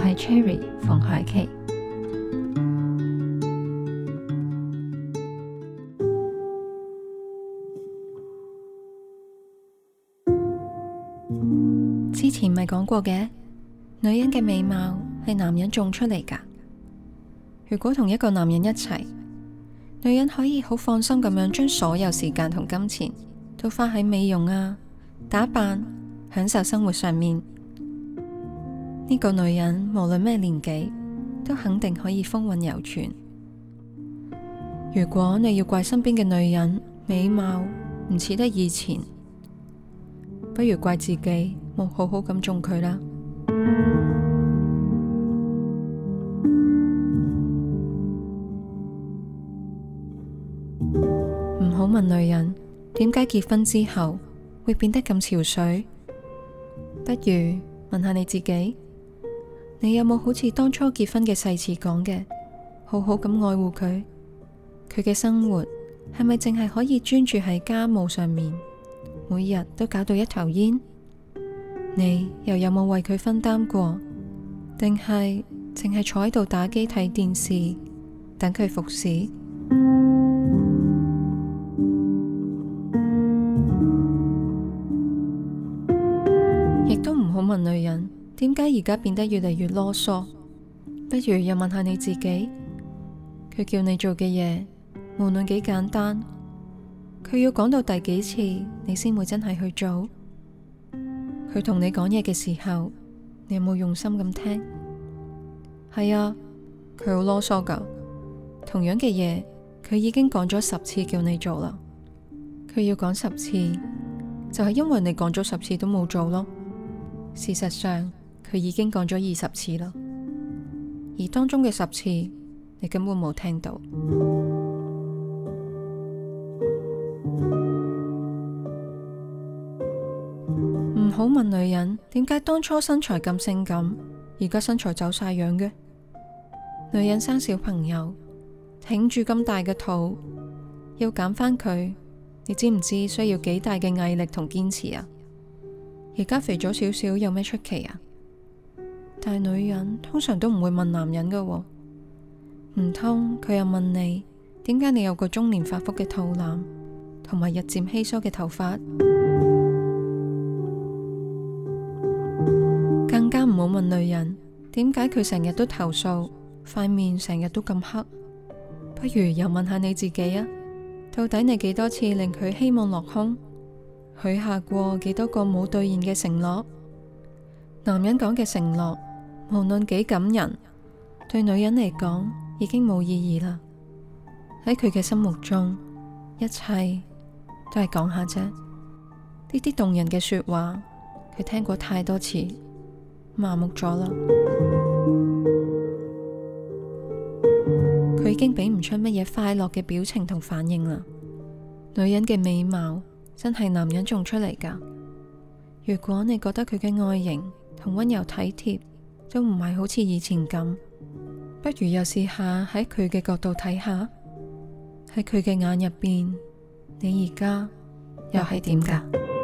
我係 Cherry，馮凱淇。之前咪講過嘅，女人嘅美貌係男人寵出嚟㗎。如果同一個男人一齊，女人可以好放心咁樣將所有時間同金錢都花喺美容啊、打扮、享受生活上面。呢個女人無論咩年紀，都肯定可以風韻猶存。如果你要怪身邊嘅女人美貌唔似得以前， 不如怪自己冇好好咁寵佢啦。唔好 問女人點解結婚之後會變得咁憔悴，不如問下你自己。你有冇好似當初結婚嘅誓詞講嘅，好好咁愛護佢？佢嘅生活係咪淨係可以專注喺家務上面，每日都搞到一頭煙？你又有冇為佢分擔過？定係淨係坐喺度打機睇電視等佢服侍？亦都唔好問女人。點解而家變得越嚟越囉嗦？不如又問下你自己，佢叫你做嘅嘢，無論幾簡單，佢要講到第幾次你先會真係去做？佢同你講嘢嘅時候，你有冇用心咁聽？係啊，佢好囉嗦噶。同樣嘅嘢，佢已經講咗十次叫你做啦。佢要講十次，就係因為你講咗十次都冇做咯。事實上，佢已經講咗二十次啦，而當中嘅十次你根本冇聽到。唔 好問女人點解當初身材咁性感，而家身材走晒樣嘅。女人生小朋友，挺住咁大嘅肚，要減翻佢，你知唔知需要幾大嘅毅力同堅持啊？而家肥咗少少，有咩出奇啊？但係女人通常都唔會問男人噶，哦，唔通佢又問你點解你有個中年發福嘅肚腩，同埋日漸稀疏嘅頭髮？ 更加唔好問女人點解佢成日都投訴，塊面成日都咁黑。不如又問下你自己啊，到底你幾多次令佢希望落空？許下過幾多個冇兌現嘅承諾？男人講嘅承諾。無論幾感人，對女人嚟講已經冇意義啦。喺佢嘅心目中，一切都係講下啫。呢啲動人嘅說話，佢聽過太多次，麻木咗啦。佢已經俾唔出乜嘢快樂嘅表情同反應啦。女人嘅美貌真係男人寵出嚟㗎。如果你覺得佢嘅外形同溫柔體貼，都唔係好似以前咁，不如又試下喺佢嘅角度睇下，喺佢嘅眼入邊，你而家又係點㗎？